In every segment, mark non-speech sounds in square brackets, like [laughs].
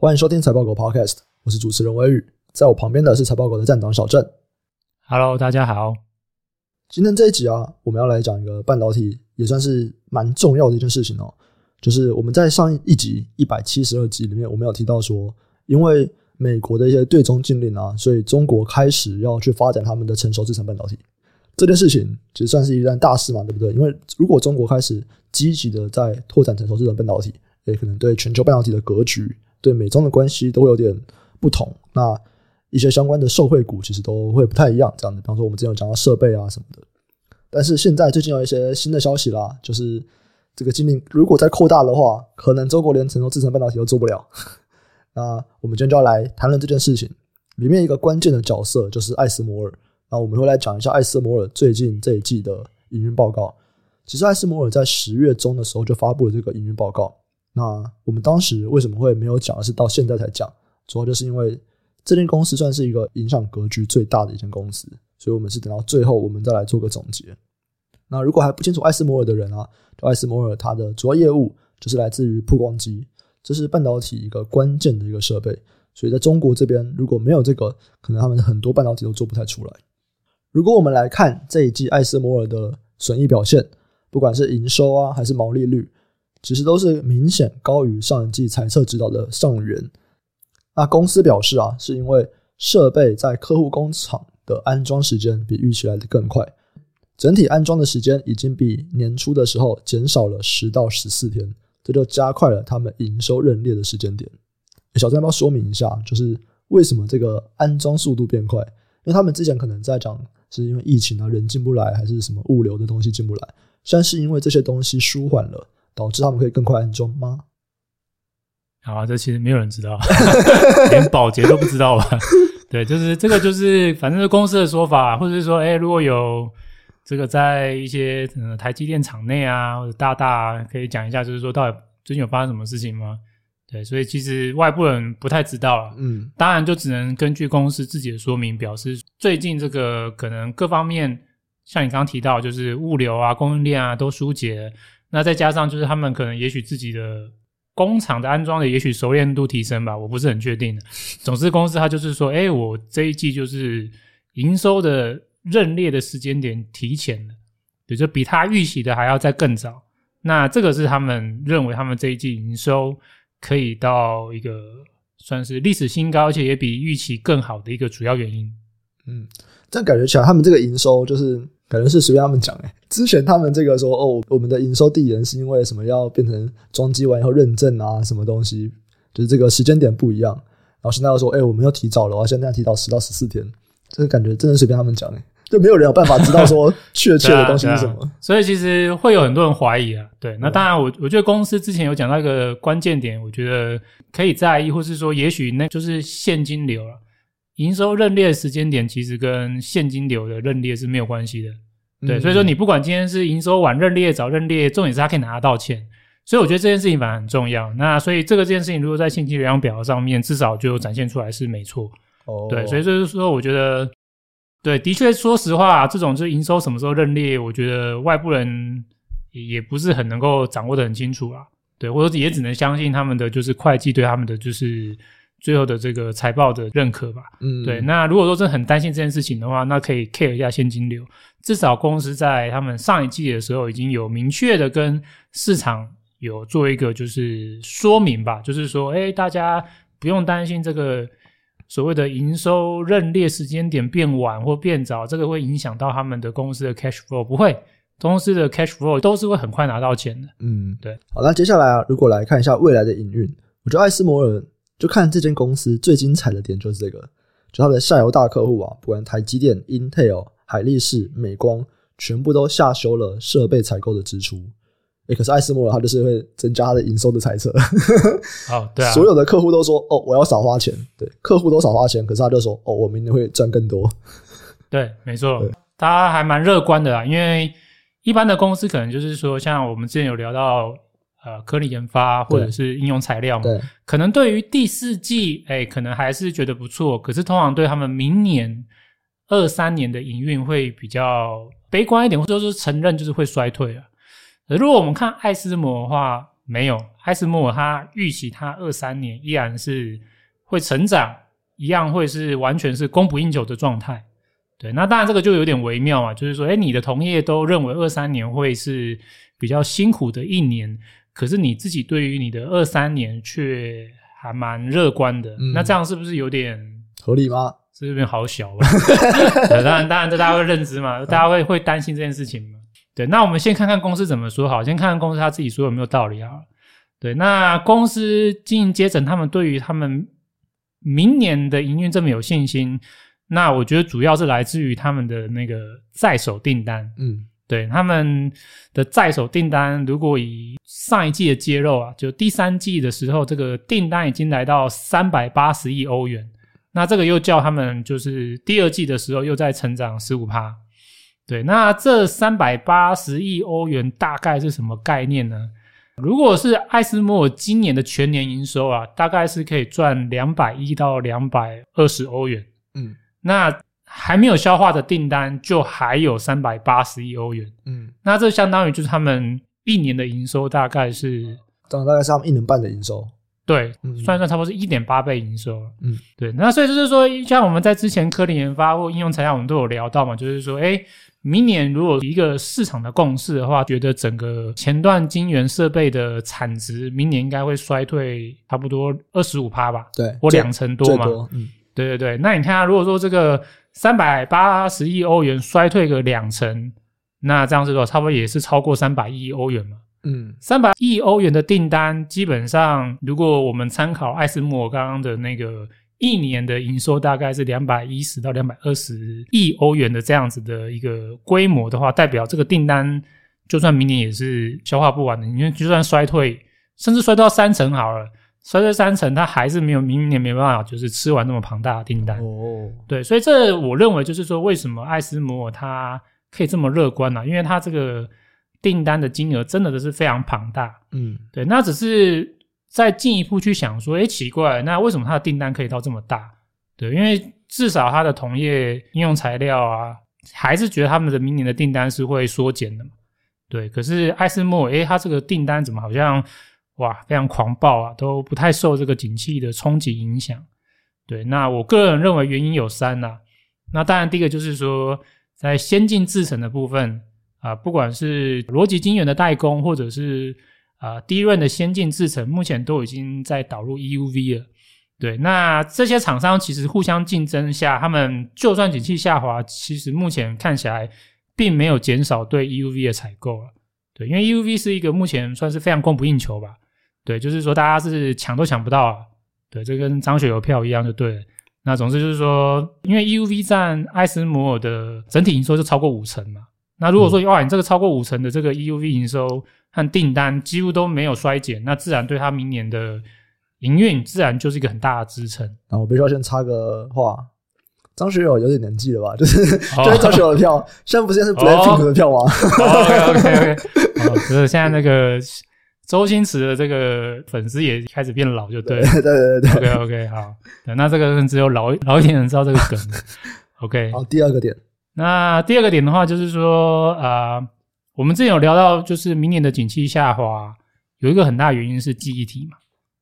歡迎收聽財報狗 Podcast，我是主持人威宇。在我旁邊的是財報狗的站長小鄭。Hello，大家好，今天這一集啊，我們要來講一個半導體也算是蠻重要的一件事情哦,就是我們在上一集一百七十二集裡面，我們有提到說，因為美國的一些對中禁令啊，所以中國開始要去發展他們的成熟製程半導體這件事情，其實算是一件大事嘛，對不對？因為如果中國開始積極的在拓展成熟製程半導體，也可能對全球半導體的格局，對美中的關係都會有點不同，那一些相關的受惠股其實都會不太一樣，這樣的。比方說我們之前有講到設備啊什麼的，但是現在最近有一些新的消息啦，就是這個禁令如果再擴大的話，可能中國連成熟製程半導體都做不了。 [laughs] 那我們今天就要來談論這件事情，裡面一個關鍵的角色就是艾斯摩爾，那我們會來講一下艾斯摩爾最近這一季的營運報告。其實艾斯摩爾在十月中的時候就發佈了這個營運報告。那我們當時為什麼會沒有講，而是到現在才講？主要就是因為這間公司算是一個影響格局最大的一間公司，所以我們是等到最後我們再來做個總結。那如果還不清楚艾斯摩爾的人啊，就艾斯摩爾它的主要業務就是來自於曝光機，這是半導體一個關鍵的一個設備。所以在中國這邊如果沒有這個，可能他們很多半導體都做不太出來。如果我們來看這一季艾斯摩爾的損益表現，不管是營收啊還是毛利率，其實都是明顯高於上一季財測指導的上緣。那公司表示啊，是因為設備在客戶工廠的安裝時間比預期來的更快，整體安裝的時間已經比年初的時候減少了十到十四天，這就加快了他們營收認列的時間點。小張要，要說明一下，就是為什麼這個安裝速度變快？因為他們之前可能在講是因為疫情啊，人進不來，還是什麼物流的東西進不來，現在是因為這些東西舒緩了。導致他們可以更快安裝嗎？好、啊，這其實沒有人知道， [laughs] 連保潔都不知道吧？ [laughs] 對，就是這個，就是反正是公司的說法，或者是說，哎、欸，如果有這個在一些嗯、呃、台積電廠內啊，或者大大、啊、可以講一下，就是說到底最近有發生什麼事情嗎？對，所以其實外部人不太知道了。嗯，當然就只能根據公司自己的說明表示，最近這個可能各方面，像你剛剛提到，就是物流啊、供應鏈啊都疏解。那再加上就是他們可能也許自己的工廠的安裝的也許熟練度提升吧，我不是很確定的。總之，公司他就是說，誒、欸，我這一季就是營收的認列的時間點提前了，也就比他預期的還要再更早。那這個是他們認為他們這一季營收可以到一個算是歷史新高，而且也比預期更好的一個主要原因。嗯，這樣感覺起來他們這個營收就是。感覺是隨便他們講哎，之前他們這個說哦，我們的營收遞延是因為什麼要變成裝機完以後認證啊，什麼東西，就是這個時間點不一樣。然後現在又說，哎，我們要提早了，現在提早十到十四天，這個感覺真的隨便他們講誒，就沒有人有辦法知道說確切的東西是什麼。 [laughs] 啊啊啊，所以其實會有很多人懷疑啊，對。那當然，我我覺得公司之前有講到一個關鍵點，我覺得可以在意，或是說也許那就是現金流啊。營收認列時間點其實跟現金流的認列是沒有關係的，嗯、對，所以說你不管今天是營收晚認列早認列，重點是他可以拿得到錢，所以我覺得這件事情反而很重要。那所以這個這件事情如果在現金流量表上面至少就展現出來是沒錯，哦、對，所以就是說我覺得，對，的確說實話，這種就是營收什麼時候認列，我覺得外部人也不是很能夠掌握得很清楚啦。對我也只能相信他們的，就是會計對他們的就是。最後的這個財報的認可吧，嗯，對。那如果說真的很擔心這件事情的話，那可以 care 一下現金流。至少公司在他們上一季的時候已經有明確的跟市場有做一個就是說明吧，就是說，欸，大家不用擔心這個所謂的營收認列時間點變晚或變早，這個會影響到他們的公司的 cash flow。不會，公司的 cash flow 都是會很快拿到錢的。嗯，對。好，那接下來啊，如果來看一下未來的營運，我覺得艾斯摩爾。就看這間公司最精彩的點就是這個，就他的下游大客戶啊，不管台積電、Intel、海力士、美光，全部都下修了設備採購的支出、欸。可是艾斯摩爾他就是會增加他的營收的財測、哦。對啊。所有的客戶都說：“哦，我要少花錢。”對，客戶都少花錢，可是他就說：“哦，我明年會賺更多。”對，沒錯，他對還蠻樂觀的啊。因為一般的公司可能就是說，像我們之前有聊到。呃，科林研發或者是應用材料對，對，可能對於第四季，誒、欸，可能還是覺得不錯。可是通常對他們明年二三年的營運會比較悲觀一點，或者說是承認就是會衰退了、啊。而如果我們看艾斯摩的話，沒有艾斯摩爾，它預期它二三年依然是會成長，一樣會是完全是供不應求的狀態。對，那當然這個就有點微妙嘛，就是說，誒、欸，你的同業都認為二三年會是比較辛苦的一年。可是你自己對於你的二三年卻還蠻樂觀的，嗯、那這樣是不是有點合理嗎？是有點好小啊！ [laughs] [laughs] 當然，當然，這大家會認知嘛，嗯、大家會會擔心這件事情嘛。對，那我們先看看公司怎麼說好，先看看公司他自己說有沒有道理啊。對，那公司經營階層他們對於他們明年的營運這麼有信心，那我覺得主要是來自於他們的那個在手訂單。嗯。對他們的在手訂單，如果以上一季的揭露啊，就第三季的時候，這個訂單已經來到三百八十億歐元，那這個又叫他們就是第二季的時候又在成長十五趴。對，那這三百八十億歐元大概是什麼概念呢？如果是艾斯摩爾今年的全年營收啊，大概是可以賺兩百一到兩百二十歐元。嗯，那、還沒有消化的訂單就還有三百八十億歐元，嗯，那這相當於就是他們一年的營收大概是，嗯，大概是他們一年半的營收，對，嗯嗯算一算差不多是一點八倍營收，嗯，對。那所以就是說，像我們在之前科林研發或應用材料，我們都有聊到嘛，就是說，誒、欸、明年如果一個市場的共識的話，覺得整個前段晶圓設備的產值，明年應該會衰退差不多二十五趴吧，對，或兩成多嘛，最最多嗯，對對對。那你看下、啊，如果說這個。三百八十億歐元衰退個兩成，那這樣子的話差不多也是超過三百億歐元嘛。嗯，三百億歐元的訂單，基本上如果我們參考艾斯摩爾剛剛的那個一年的營收，大概是兩百一十到兩百二十億歐元的這樣子的一個規模的話，代表這個訂單就算明年也是消化不完的。因為就算衰退，甚至衰到三成好了。衰退三成，它還是沒有，明年沒辦法，就是吃完那麼龐大的訂單哦。對，所以這我認為就是說，為什麼艾斯摩爾它可以這麼樂觀呢、啊？因為它這個訂單的金額真的都是非常龐大。嗯，對。那只是再進一步去想說、欸，誒奇怪，那為什麼它的訂單可以到這麼大？對，因為至少它的同業應用材料啊，還是覺得他們的明年的訂單是會縮減的。對，可是艾斯摩爾誒它這個訂單怎麼好像？哇，非常狂暴啊，都不太受這個景氣的衝擊影響。對，那我個人認為原因有三吶、啊。那當然，第一個就是說，在先進製程的部分啊，不管是邏輯晶圓的代工，或者是啊 DRAM 的先進製程，目前都已經在導入 EUV 了。對，那這些廠商其實互相競爭下，他們就算景氣下滑，其實目前看起來並沒有減少對 EUV 的採購了、啊。對，因為 EUV 是一個目前算是非常供不應求吧。對，就是說大家是搶都搶不到啊，對，這跟張學友票一樣就對了。那總之就是說，因為 EUV 站艾森摩爾的整體營收就超過五成嘛。那如果說、嗯、哇，你這個超過五成的這個 EUV 營收和訂單幾乎都沒有衰減，那自然對它明年的營運自然就是一個很大的支撐。那我必須要先插個話，張學友有點年紀了吧？就是就是、哦、張學友的票，信不信是不賴中國的票啊 o k OK，, okay, okay [laughs] 就是現在那個。 [laughs] 周星馳的這個粉絲也開始變老就對了，就對對對對，對。OK OK，好。那這個只有老老一點人知道這個梗。 [laughs] OK。好，第二個點。那第二個點的話，就是說，呃，我們之前有聊到，就是明年的景氣下滑，有一個很大原因是記憶體嘛。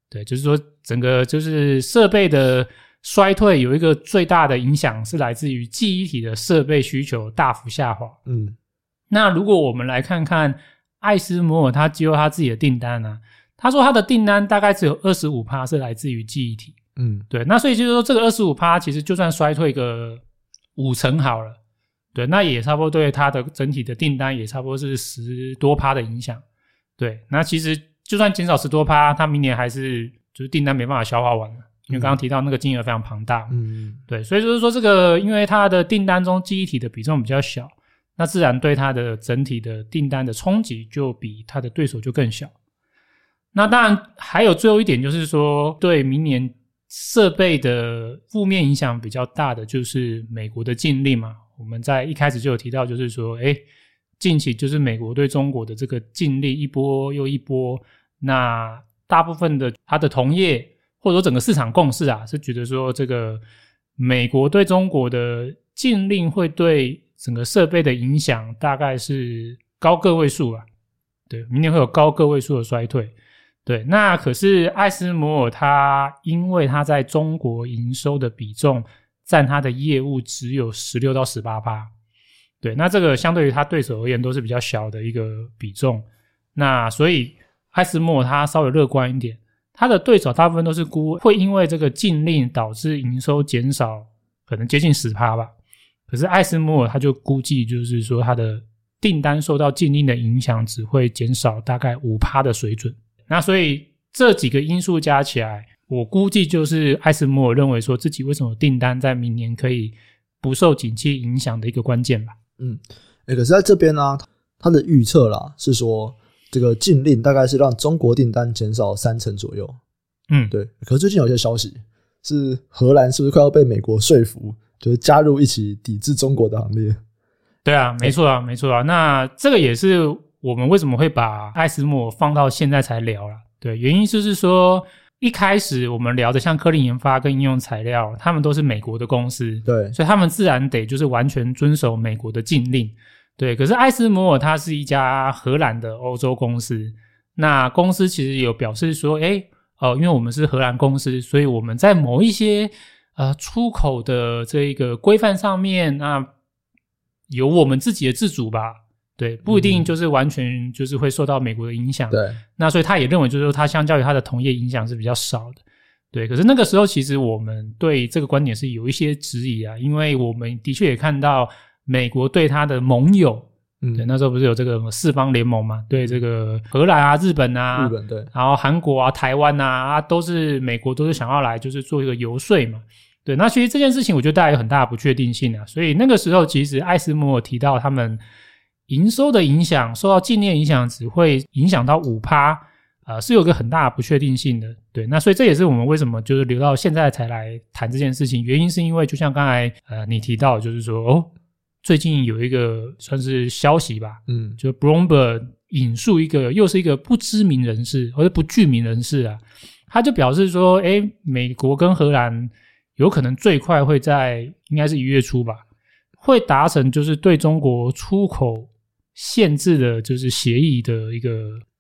對，就是說，整個就是設備的衰退，有一個最大的影響是來自於記憶體的設備需求大幅下滑。嗯。那如果我們來看看。艾斯摩爾，他只有他自己的訂單啊。他說他的訂單大概只有二十五趴是來自於記憶體。嗯，對。那所以就是說，這個二十五趴其實就算衰退個五成好了，對，那也差不多對他的整體的訂單也差不多是十多趴的影響。對，那其實就算減少十多趴，他明年還是就是訂單沒辦法消化完了，因為剛剛提到那個金額非常龐大。嗯，對。所以就是說，這個因為他的訂單中記憶體的比重比較小。那自然對它的整體的訂單的衝擊就比它的對手就更小。那當然還有最後一點就是說，對明年設備的負面影響比較大的就是美國的禁令嘛。我們在一開始就有提到，就是說，誒，近期就是美國對中國的這個禁令一波又一波。那大部分的它的同業或者說整個市場共識啊，是覺得說這個美國對中國的禁令會對整個設備的影響大概是高個位數吧，對，明年會有高個位數的衰退。對，那可是艾斯摩爾它，因為它在中國營收的比重佔它的業務只有十六到十八趴，對，那這個相對於它對手而言都是比較小的一個比重。那所以艾斯摩爾他稍微樂觀一點，他的對手大部分都是估會，會因為這個禁令導致營收減少，可能接近十趴吧。可是艾斯摩爾他就估計，就是說他的訂單受到禁令的影響，只會減少大概五趴的水準。那所以這幾個因素加起來，我估計就是艾斯摩爾認為說自己為什麼訂單在明年可以不受景氣影響的一個關鍵吧嗯。嗯、欸，可是在這邊呢、啊，他的預測啦是說這個禁令大概是讓中國訂單減少三成左右。嗯，對。可是最近有一些消息是荷蘭是不是快要被美國說服？就是加入一起抵制中國的行列，對啊，沒錯啊，欸、沒錯啊。那這個也是我們為什麼會把艾斯摩爾放到現在才聊了，啊。對，原因就是說，一開始我們聊的像科林研發跟應用材料，他們都是美國的公司，對，所以他們自然得就是完全遵守美國的禁令。對，可是艾斯摩爾它是一家荷蘭的歐洲公司，那公司其實有表示說，哎、欸，哦、呃，因為我們是荷蘭公司，所以我們在某一些。呃，出口的這一個規範上面啊，有我們自己的自主吧，對，不一定就是完全就是會受到美國的影響，嗯，對。那所以他也認為，就是說他相較於他的同業影響是比較少的，對。可是那個時候其實我們對這個觀點是有一些質疑啊，因為我們的確也看到美國對他的盟友，嗯，對，那時候不是有這個四方聯盟嘛，對，這個荷蘭啊、日本啊、日本對，然後韓國啊、台灣啊啊都是美國都是想要來就是做一個游說嘛。對，那其實這件事情我覺得帶來有很大的不確定性啊，所以那個時候其實艾斯摩爾提到他們營收的影響受到禁令影響，只會影響到五趴，呃，是有個很大的不確定性的。對，那所以這也是我們為什麼就是留到現在才來談這件事情，原因是因為就像剛才呃你提到，就是說哦，最近有一個算是消息吧，嗯，就 Bloomberg 引述一個又是一個不知名人士或者不具名人士啊，他就表示說，誒，美國跟荷蘭。有可能最快會在，應該是一月初吧，會達成就是對中國出口限制的，就是協議的一個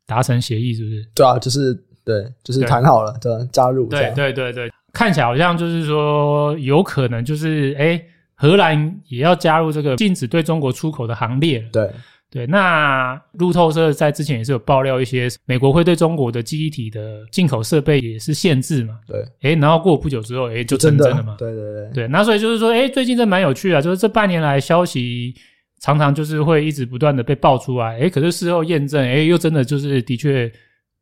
達成協議，是不是？對啊，就是對，就是談好了，對，對，加入，對吧？對對對對，看起來好像就是說有可能就是，哎，荷蘭也要加入這個禁止對中國出口的行列，對。對，那路透社在之前也是有爆料，一些美國會對中國的記憶體的進口設備也是限制嘛。對，誒然後過不久之後，誒就成真了嘛。對對對，對，那所以就是說，誒最近這蠻有趣啊，就是這半年來消息常常就是會一直不斷的被爆出來，誒可是事後驗證，誒又真的就是的確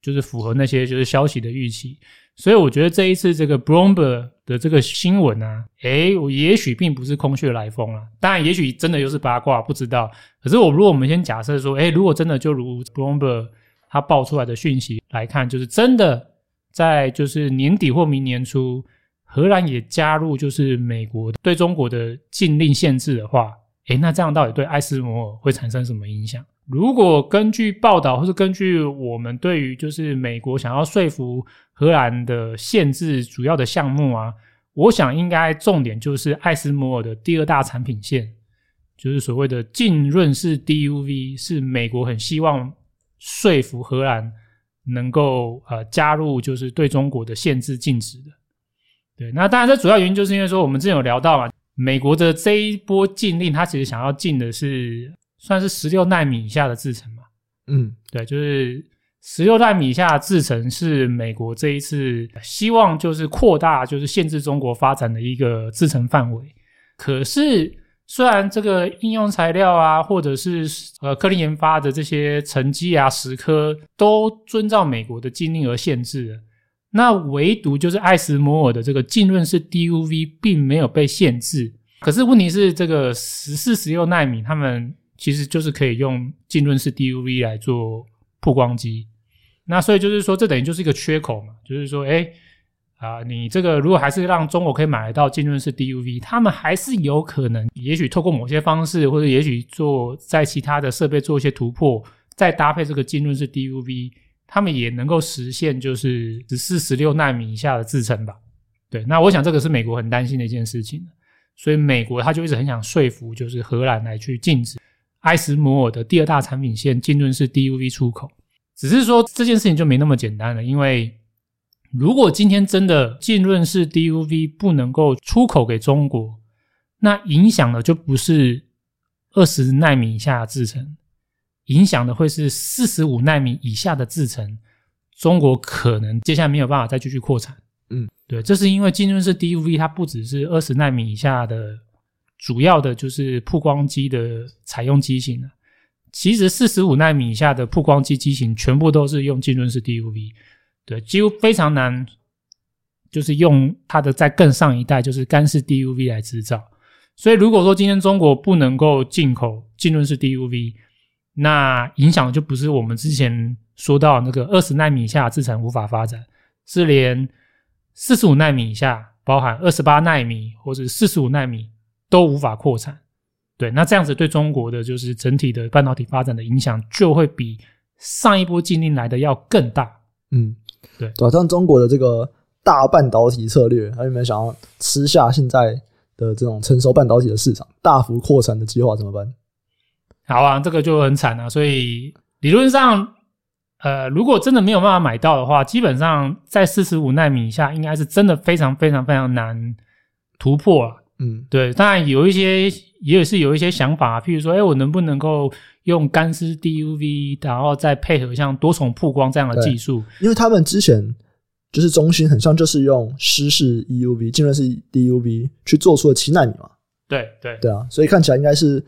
就是符合那些就是消息的預期。所以我覺得這一次這個 Bloomberg 的這個新聞啊，誒、欸，也許並不是空穴來風啦、啊，當然，也許真的又是八卦，不知道。可是我如果我們先假設說，誒、欸，如果真的就如 Bloomberg 他爆出來的訊息來看，就是真的在就是年底或明年初，荷蘭也加入，就是美國對中國的禁令限制的話，誒、欸，那這樣到底對艾斯摩爾會產生什麼影響？如果根據報道，或是根據我們對於就是美國想要說服荷蘭的限制主要的項目啊，我想應該重點就是艾斯摩爾的第二大產品線，就是所謂的浸潤式 DUV，是美國很希望說服荷蘭能夠呃加入，就是對中國的限制禁止的。對，那當然這主要原因就是因為說我們之前有聊到嘛，美國的這一波禁令，它其實想要禁的是。算是十六納米以下的制程嘛？嗯，對，就是十六納米以下製程是美國這一次希望就是擴大就是限制中國發展的一個制程範圍。可是雖然這個應用材料啊，或者是呃，科林研發的這些沉積啊、蝕刻都遵照美國的禁令而限制了，那唯獨就是艾斯摩爾的這個浸潤式 DUV 並沒有被限制。可是問題是，這個十四、十六納米他們其實就是可以用浸潤式 DUV 來做曝光機，那所以就是說，這等於就是一個缺口嘛，就是說，誒啊，你這個如果還是讓中國可以買得到浸潤式 DUV，他們還是有可能，也許透過某些方式，或者也許做在其他的設備做一些突破，再搭配這個浸潤式 DUV，他們也能夠實現就是十四、十六納米以下的制程吧。對，那我想這個是美國很擔心的一件事情，所以美國他就一直很想說服就是荷蘭來去禁止。艾斯摩爾的第二大產品線浸潤式 DUV 出口，只是說這件事情就沒那麼簡單了。因為如果今天真的浸潤式 DUV 不能夠出口給中國，那影響的就不是二十納米以下製程，影響的會是四十五納米以下的製程。中國可能接下來沒有辦法再繼續擴產。嗯，對，這是因為浸潤式 DUV 它不只是二十納米以下的。主要的就是曝光機的採用機型啊，其實四十五納米以下的曝光機機型全部都是用浸潤式 DUV，對，幾乎非常難，就是用它的在更上一代就是乾式 DUV 來製造。所以如果說今天中國不能夠進口浸潤式 DUV，那影響就不是我們之前說到那個二十納米以下的製程無法發展，是連四十五納米以下，包含二十八納米或者四十五納米。都無法擴產，對，那這樣子對中國的就是整體的半導體發展的影響，就會比上一波禁令來的要更大。嗯，對，對，像中國的這個大半導體策略，還有沒有想要吃下現在的這種成熟半導體的市場，大幅擴產的計劃怎麼辦？好啊，這個就很慘了。所以理論上，呃，如果真的沒有辦法買到的話，基本上在四十五納米以下，應該是真的非常非常非常難突破了啊。嗯，對，當然有一些，也，也是有一些想法，啊、譬如說，哎、欸，我能不能夠用乾式 DUV，然後再配合像多重曝光這樣的技術？因為他們之前就是中芯，很像就是用濕式 EUV，浸潤式 DUV 去做出的七納米嘛。對對對啊，所以看起來應該是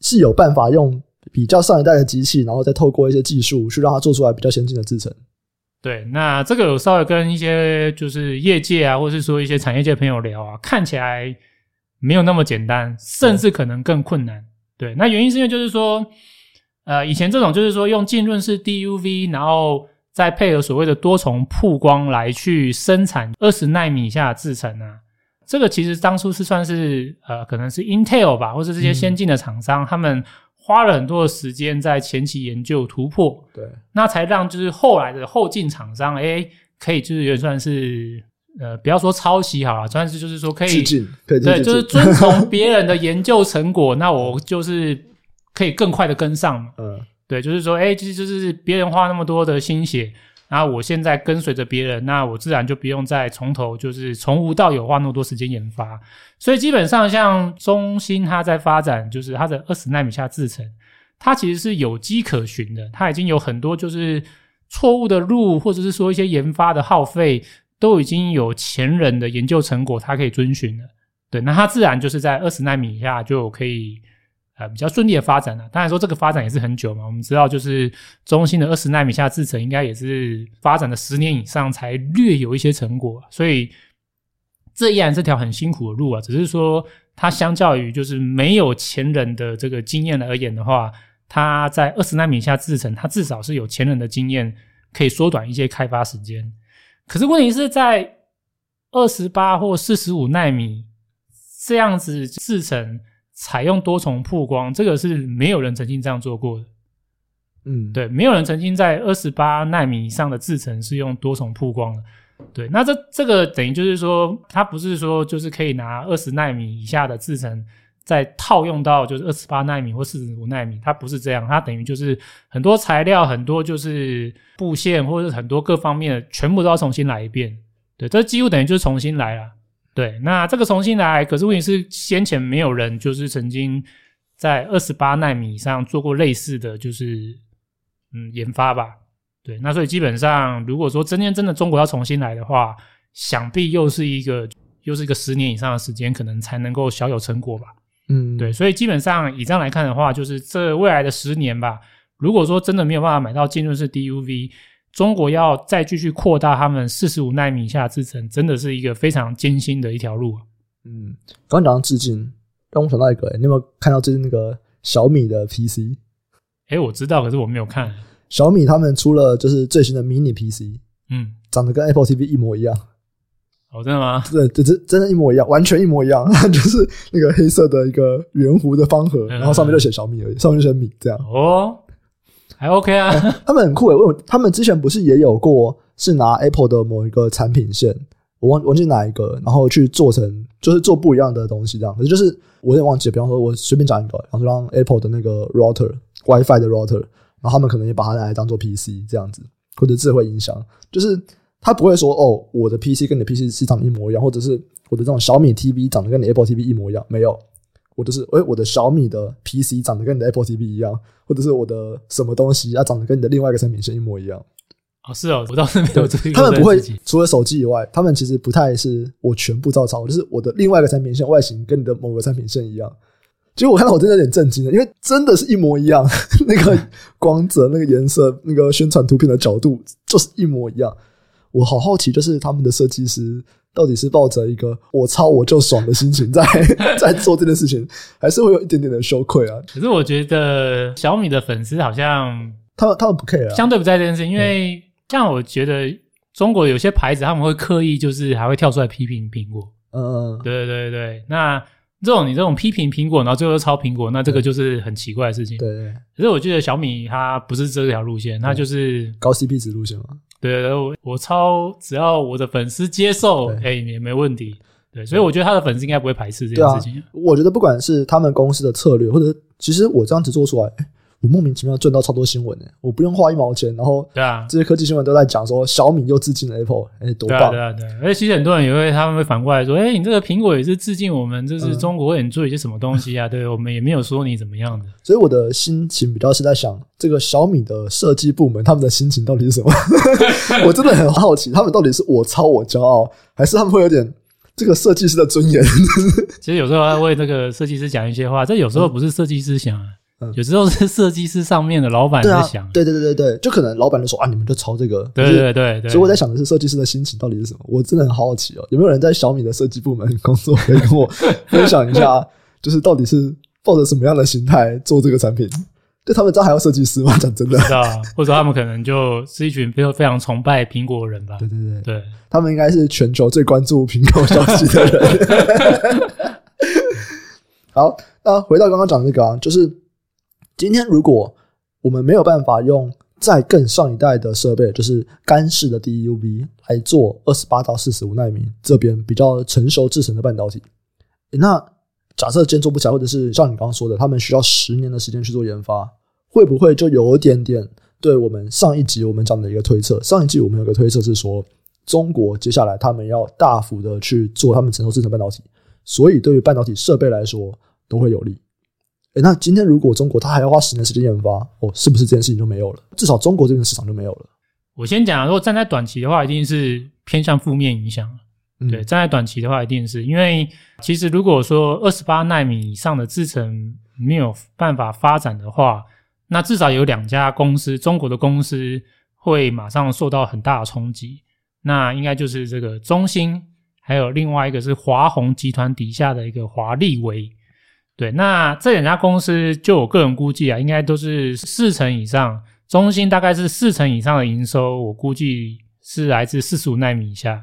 是有辦法用比較上一代的機器，然後再透過一些技術去讓它做出來比較先進的製程。對，那這個有稍微跟一些就是業界啊，或者是說一些產業界的朋友聊啊，看起來。沒有那麼簡單，甚至可能更困難。對，對，那原因是因為就是說，呃，以前這種就是說用浸潤式 DUV，然後再配合所謂的多重曝光來去生產二十奈米以下的製程啊。這個其實當初是算是呃，可能是 Intel 吧，或是這些先進的廠商，嗯、他們花了很多的時間在前期研究突破，對，那才讓就是後來的後進廠商哎，可以就是也算是。呃，不要說抄襲好了，算是就是說可以，近近近近對，就是遵從別人的研究成果， [laughs] 那我就是可以更快的跟上嘛。嗯，對，就是說，哎，其實就是別人花那麼多的心血，然後我現在跟隨着別人，那我自然就不用再從頭就是從無到有花那麼多時間研發。所以基本上，像中芯它在發展，就是它的二十納米下製程，它其實是有跡可循的。它已經有很多就是錯誤的路，或者是說一些研發的耗費。都已經有前人的研究成果，他可以遵循了。對，那他自然就是在二十納米以下就可以，呃，比較順利的發展了。當然說這個發展也是很久嘛。我們知道，就是中芯的二十納米以下製程，應該也是發展了十年以上才略有一些成果。所以，這依然是條很辛苦的路啊。只是說，它相較於就是沒有前人的這個經驗而言的話，它在二十納米以下製程，它至少是有前人的經驗，可以縮短一些開發時間。可是問題是在二十八或四十五納米這樣子制程採用多重曝光，這個是沒有人曾經這樣做過的。嗯，對，沒有人曾經在二十八納米以上的制程是用多重曝光的。對，那這這個等於就是說，它不是說就是可以拿二十納米以下的制程。再套用到就是二十八納米或四十五納米，它不是這樣，它等於就是很多材料、很多就是佈線或者很多各方面的全部都要重新來一遍。對，這幾乎等於就是重新來了。對，那這個重新來，可是問題是先前沒有人就是曾經在二十八納米以上做過類似的就是嗯研發吧。對，那所以基本上如果說真正真的中國要重新來的話，想必又是一個又是一個十年以上的時間，可能才能夠小有成果吧。嗯，對，所以基本上以這樣來看的話，就是這未來的十年吧，如果說真的沒有辦法買到浸潤式 DUV，中國要再繼續擴大他們四十五納米以下製程，真的是一個非常艱辛的一條路嗯，剛剛講到致敬，讓我想到一個、欸，你有沒有看到最近那個小米的 PC？哎、欸，我知道，可是我沒有看。小米他們出了就是最新的迷你 PC，嗯，長得跟 Apple TV 一模一樣。哦，oh, 真的嗎？對，這這真的，一模一樣，完全一模一樣，就是那個黑色的一個圓弧的方盒，然後上面就寫小米而已，上面就寫米這樣。哦，oh, 還 OK 啊？他們很酷哎，我他們之前不是也有過，是拿 Apple 的某一個產品線，我忘忘記哪一個，然後去做成就是做不一樣的東西這樣。可是就是我也忘記，比方說，我隨便找一個，然後就讓 Apple 的那個 router WiFi 的 router，然後他們可能也把它拿來當做 PC 這樣子，或者智慧音響，就是。他不會說哦，我的 PC 跟你的 PC 是長一模一樣，或者是我的這種小米 TV 長得跟你 Apple TV 一模一樣。沒有，我就是哎，我的小米的 PC 長得跟你的 Apple TV 一樣，或者是我的什麼東西啊長得跟你的另外一個產品線一模一樣啊？是哦，我倒是沒有這個。他們不會除了手機以外，他們其實不太是我全部照抄，就是我的另外一個產品線外形，跟你的某個產品線一樣。結果我看到我真的有點震驚了，因為真的是一模一樣，那個光澤、那個顏色、那個宣傳圖片的角度就是一模一樣。我好好奇，就是他們的設計師到底是抱着一個“我抄我就爽”的心情在 [laughs] [laughs] 在做這件事情，還是會有一點點的羞愧啊？可是我覺得小米的粉絲好像他他們不 care，相對不在這件事情，因為像我覺得中國有些牌子他們會刻意就是還會跳出來批評蘋果，嗯嗯，對對對。那這種你這種批評蘋果，然後最後又抄蘋果，那這個就是很奇怪的事情。對對。可是我覺得小米它不是這條路線，那就是高 CP 值路線嘛。對，然後我超只要我的粉絲接受，哎對、欸，也沒問題。對，所以我覺得他的粉絲應該不會排斥這件事情，啊。我覺得不管是他們公司的策略，或者其實我這樣子做出來。我莫名其妙賺到超多新聞呢，我不用花一毛錢，然後這些科技新聞都在講說小米又致敬了 Apple，哎、欸，多棒！對對對，而且其實很多人也會他們會反過來說，哎，你這個蘋果也是致敬我們，就是中國人做一些什麼東西啊。對，我們也沒有說你怎麼樣的，所以我的心情比較是在想，這個小米的設計部門他們的心情到底是什麼？我真的很好奇，他們到底是我抄我驕傲，還是他們會有點這個設計師的尊嚴？其實有時候要為這個設計師講一些話，這有時候不是設計師想、啊。嗯、有時候是設計師上面的老闆在想，對，啊、對對對對對，就可能老闆就說啊，你們就抄這個，對對對對。所以我在想的是設計師的心情到底是什麼？我真的很好奇哦，有沒有人在小米的設計部門工作，可以跟我分享一下，就是到底是抱着什麼樣的心態做這個產品，對他們知道還有設計師嗎？講真的，知、啊、或者說他們可能就是一群非常非常崇拜蘋果的人吧？對對對對，他們應該是全球最關注蘋果消息的人。 [laughs] 好，那回到剛剛講的這個啊，就是。今天如果我們沒有辦法用再更上一代的設備，就是乾式的 DUV 來做二十八到四十五納米這邊比較成熟製程的半導體，欸、那假設建做不起來，或者是像你剛剛說的，他們需要十年的時間去做研發，會不會就有一點點對我們上一集我們講的一個推測？上一集我們有個推測是說，中國接下來他們要大幅的去做他們成熟製程的半導體，所以對於半導體設備來說都會有利。哎、欸，那今天如果中國它還要花十年時間研發，哦，是不是這件事情就沒有了？至少中國這邊市場就沒有了。我先講，如果站在短期的話，一定是偏向負面影響。嗯、對，站在短期的話，一定是因為其實如果說二十八奈米以上的制程沒有辦法發展的話，那至少有兩家公司，中國的公司會馬上受到很大的衝擊。那應該就是這個中芯，還有另外一個是華虹集團底下的一個華力微。對，那這兩家公司，就我個人估計啊，應該都是四成以上。中芯大概是四成以上的營收，我估計是來自四十五奈米以下。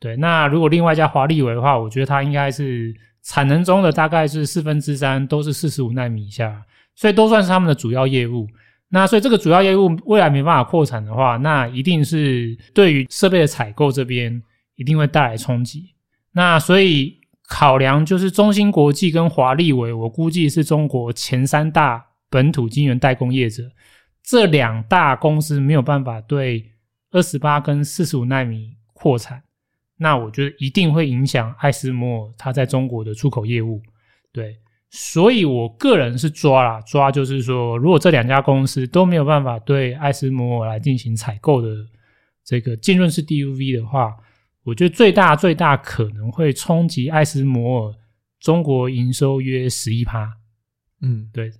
對，那如果另外一家華力微的話，我覺得它應該是產能中的大概是四分之三都是四十五奈米以下，所以都算是他們的主要業務。那所以這個主要業務未來沒辦法擴產的話，那一定是對於設備的採購這邊一定會帶來衝擊。那所以。考量就是中芯國際跟華力微，我估計是中國前三大本土晶圓代工業者。這兩大公司沒有辦法對二十八跟四十五納米擴產，那我覺得一定會影響艾斯摩爾它在中國的出口業務。對，所以我個人是抓啦，抓，就是說，如果這兩家公司都沒有辦法對艾斯摩爾來進行採購的這個浸潤式 DUV 的話。我覺得最大最大可能會衝擊艾斯摩爾中國營收約十一趴，嗯，對。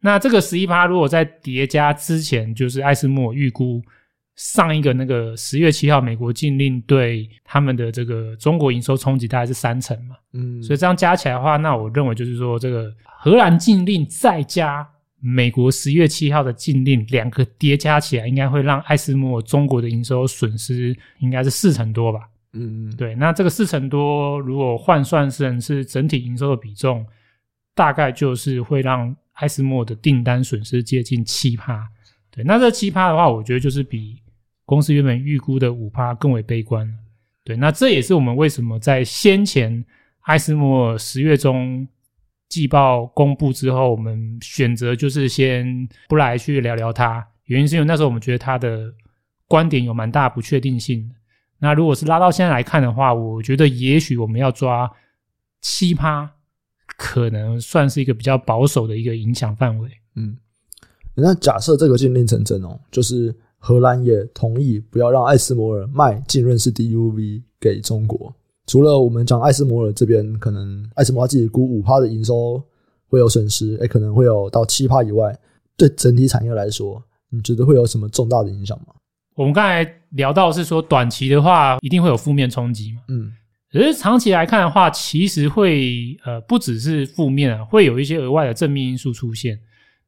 那這個十一趴如果再疊加之前，就是艾斯摩爾預估上一個那個十月七號美國禁令對他們的這個中國營收衝擊大概是三成嘛，嗯。所以這樣加起來的話，那我認為就是說，這個荷蘭禁令再加美國十月七號的禁令，兩個疊加起來，應該會讓艾斯摩爾中國的營收損失應該是四成多吧。嗯嗯，對，那這個四成多如果換算成是整體營收的比重，大概就是會讓艾斯摩爾的訂單損失接近七趴。對，那這七趴的話，我覺得就是比公司原本預估的五趴更為悲觀。對，那這也是我們為什麼在先前艾斯摩爾十月中季報公布之後，我們選擇就是先不來去聊聊它，原因是因為那時候我們覺得他的觀點有蠻大的不確定性。那如果是拉到現在來看的話，我覺得也許我們要抓七趴，可能算是一個比較保守的一個影響範圍。嗯，那假設這個禁令成真哦，就是荷蘭也同意不要讓艾斯摩爾賣浸潤式 DUV 給中國。除了我們講艾斯摩爾這邊可能艾斯摩爾自己估五趴的營收會有損失，哎、欸，可能會有到七趴以外，對整體產業來說，你覺得會有什麼重大的影響嗎？我們剛才聊到的是說，短期的話一定會有負面衝擊嘛。嗯，可是長期來看的話，其實會呃不只是負面啊，會有一些額外的正面因素出現。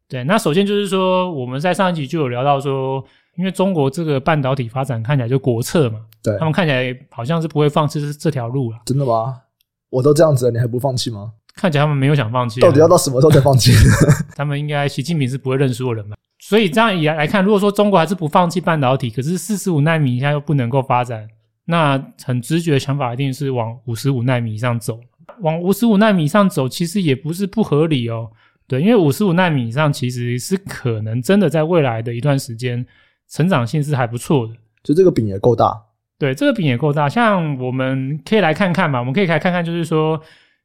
對，那首先就是說，我們在上一集就有聊到說，因為中國這個半導體發展看起來就國策嘛，對他們看起來好像是不會放棄這條路了啊。真的嗎？我都這樣子了，你還不放棄嗎？看起來他們沒有想放棄啊，到底要到什麼時候才放棄？ [laughs] 他們應該習近平是不會認輸的人吧？所以這樣一來來看，如果說中國還是不放棄半導體，可是四十五納米以下又不能夠發展，那很直覺的想法一定是往五十五納米以上走。往五十五納米以上走，其實也不是不合理哦。對，因為五十五納米以上其實是可能真的在未來的一段時間，成長性是還不錯的。就這個餅也夠大，對，這個餅也夠大。像我們可以來看看嘛，我們可以來看看，就是說。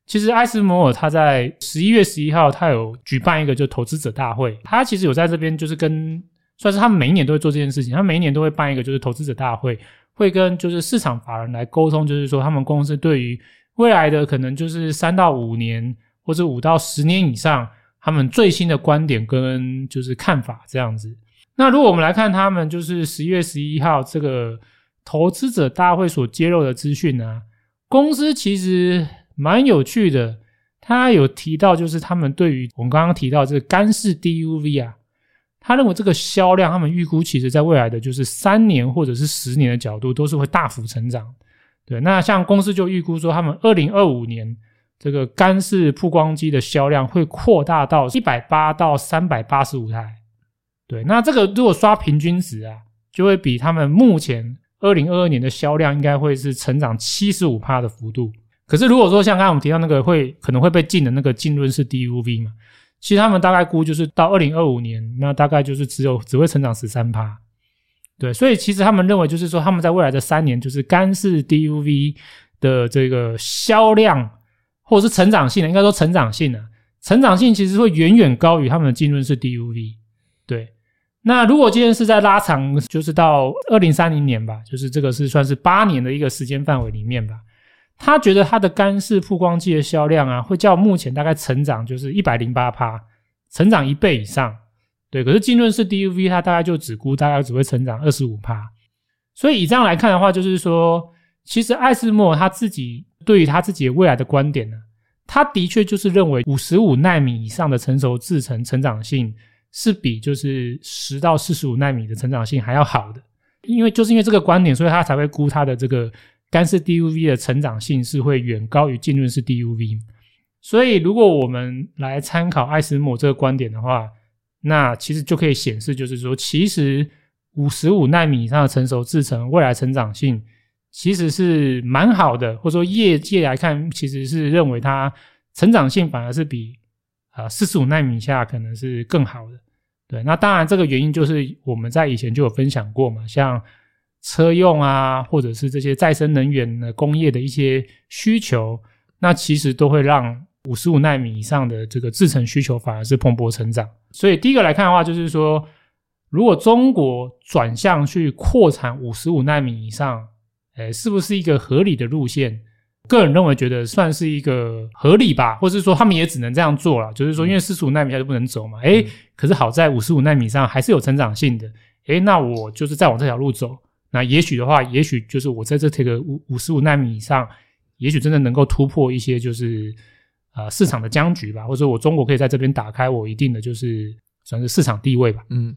其實艾斯摩爾，他在十一月十一號，他有舉辦一個就是投資者大會。他其實有在這邊，就是跟算是他們每一年都會做這件事情。他每一年都會辦一個就是投資者大會，會跟就是市場法人來溝通，就是說他們公司對於未來的可能就是三到五年或者五到十年以上，他們最新的觀點跟就是看法這樣子。那如果我們來看他們就是十一月十一號這個投資者大會所揭露的資訊呢、啊，公司其實。蠻有趣的，他有提到，就是他們對於我們剛剛提到這個乾式 DUV 啊，他認為這個銷量，他們預估其實，在未來的就是三年或者是十年的角度，都是會大幅成長。對，那像公司就預估說，他們二零二五年這個乾式曝光機的銷量會擴大到一百八到三百八十五台。對，那這個如果刷平均值啊，就會比他們目前二零二二年的銷量，應該會是成長七十五趴的幅度。可是如果說像剛才我們提到那個會可能會被禁的那個浸潤式 DUV 嘛，其實他們大概估就是到二零二五年，那大概就是只有只會成長十三趴，對，所以其實他們認為就是說他們在未來的三年，就是乾式 DUV 的這個銷量或者是成長性的，應該說成長性的、啊、成長性其實會遠遠高於他們的浸潤式 DUV，對。那如果今天是在拉長，就是到二零三零年吧，就是這個是算是八年的一個時間範圍裡面吧。他覺得他的乾式曝光機的銷量啊，會較目前大概成長就是一百零八趴，成長一倍以上。對，可是浸潤式 DUV 它大概就只估大概只會成長二十五趴。所以以這樣來看的話，就是說，其實艾斯摩他自己對於他自己的未來的觀點呢、啊，他的確就是認為五十五納米以上的成熟製程成長性是比就是十到四十五納米的成長性還要好的。因為就是因為這個觀點，所以他才會估他的這個。乾式 DUV 的成長性是會遠高於浸潤式 DUV。所以如果我們來參考艾斯摩爾這個觀點的話，那其實就可以顯示，就是說其實五十五納米以上的成熟製程未來成長性其實是蠻好的，或者說業界來看其實是認為它成長性反而是比啊四十五納米以下可能是更好的。對，那當然這個原因就是我們在以前就有分享過嘛，像。車用啊，或者是這些再生能源的工業的一些需求，那其實都會讓五十五納米以上的這個製程需求反而是蓬勃成長。所以第一個來看的話，就是說，如果中國轉向去擴產五十五納米以上，誒、欸，是不是一個合理的路線？個人認為，覺得算是一個合理吧，或者是說，他們也只能這樣做了。就是說，因為四十五納米它就不能走嘛，誒、欸，嗯，可是好在五十五納米以上還是有成長性的，誒、欸，那我就是再往這條路走。那也許的話，也許就是我在這這個五五十五納米以上，也許真的能夠突破一些就是啊、呃、市場的僵局吧，或者我中國可以在這邊打開我一定的就是算是市場地位吧。嗯，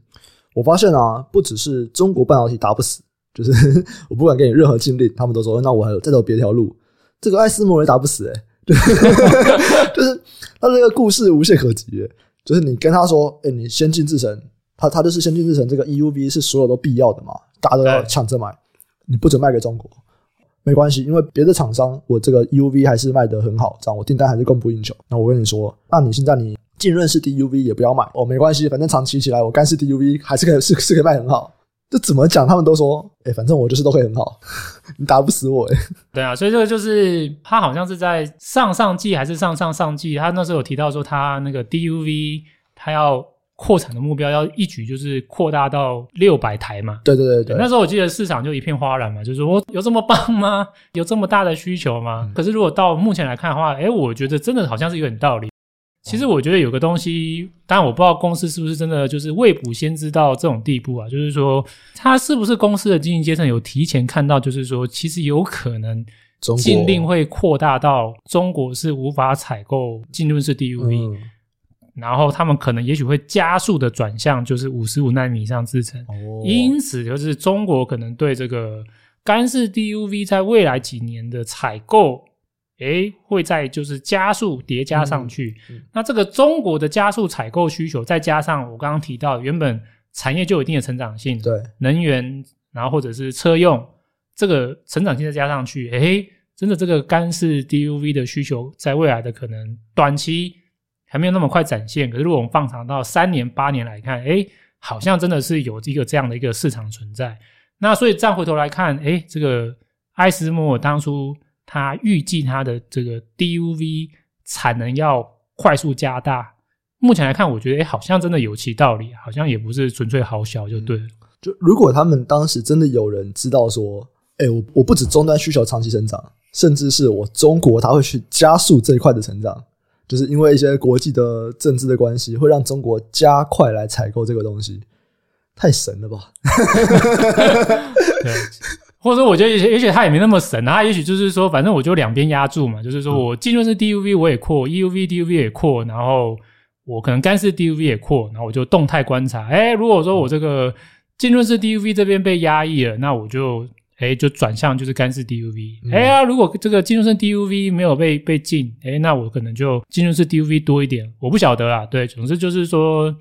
我發現啊，不只是中國半導體打不死，就是我不管給你任何禁令，他們都說，那我還有再走別條路。這個艾斯摩爾也打不死哎、欸，就、 [laughs] 就是他這個故事無懈可擊、欸，就是你跟他說哎、欸、你先進製程，他他就是先進製程，這個 EUV 是所有都必要的嘛。大家都要搶着買，對你不准賣給中國，沒關係，因為別的廠商我這個 U V 還是賣的很好，這樣我訂單還是供不應求。那我跟你說，那你現在你浸潤式 D U V 也不要買。哦，沒關係，反正長期起來我乾式 D U V 還是可以是是可以賣很好。這怎麼講？他們都說，哎、欸，反正我就是都會很好，你打不死我。欸，對啊，所以這個就是他好像是在上上季還是上上上季，他那時候有提到說他那個 D U V 他要。擴產的目標要一舉就是擴大到六百台嘛？對對對對,對，那時候我記得市場就一片嘩然嘛，就是說有這麼棒嗎？有這麼大的需求嗎？嗯、可是如果到目前來看的話，哎、欸，我覺得真的好像是有點道理。其實我覺得有個東西，當然我不知道公司是不是真的就是未卜先知到這種地步啊，就是說他是不是公司的經營階層有提前看到，就是說其實有可能禁令會擴大到中國是無法採購浸潤式 DUV。嗯然後他們可能也許會加速的轉向，就是五十五納米以上制程，哦。因此就是中國可能對這個乾式 DUV 在未來幾年的採購，誒，會在就是加速疊加上去。嗯嗯。那這個中國的加速採購需求，再加上我剛剛提到原本產業就有一定的成長性，對，能源，然後或者是車用這個成長性再加上去，誒，真的這個乾式 DUV 的需求在未來的可能短期。還沒有那麼快展現，可是如果我們放長到三年八年來看，哎、欸，好像真的是有一個這樣的一個市場存在。那所以再回頭來看，哎、欸，這個艾斯摩爾，當初他預計他的這個 DUV 產能要快速加大，目前來看，我覺得哎、欸，好像真的有其道理，好像也不是純粹好小就對了。就如果他們當時真的有人知道說，哎、欸，我我不止終端需求長期成長，甚至是我中國他會去加速這一塊的成長。就是因為一些國際的政治的關係，會讓中國加快來採購這個東西，太神了吧？ [laughs] [laughs] 對，或者說我覺得也許他也沒那麼神、啊，他也許就是說，反正我就兩邊壓住嘛，嗯、就是說我浸潤式 DUV 我也擴，EUV DUV 也擴，然後我可能乾式 DUV 也擴，然後我就動態觀察，誒、欸、如果說我這個浸潤式 DUV 這邊被壓抑了，那我就。哎，欸、就轉向就是乾式 DUV、欸。哎、啊、呀，如果這個金潤生 DUV 沒有被被禁，哎，那我可能就金潤式 DUV 多一點。我不曉得啊。對，總之就是說，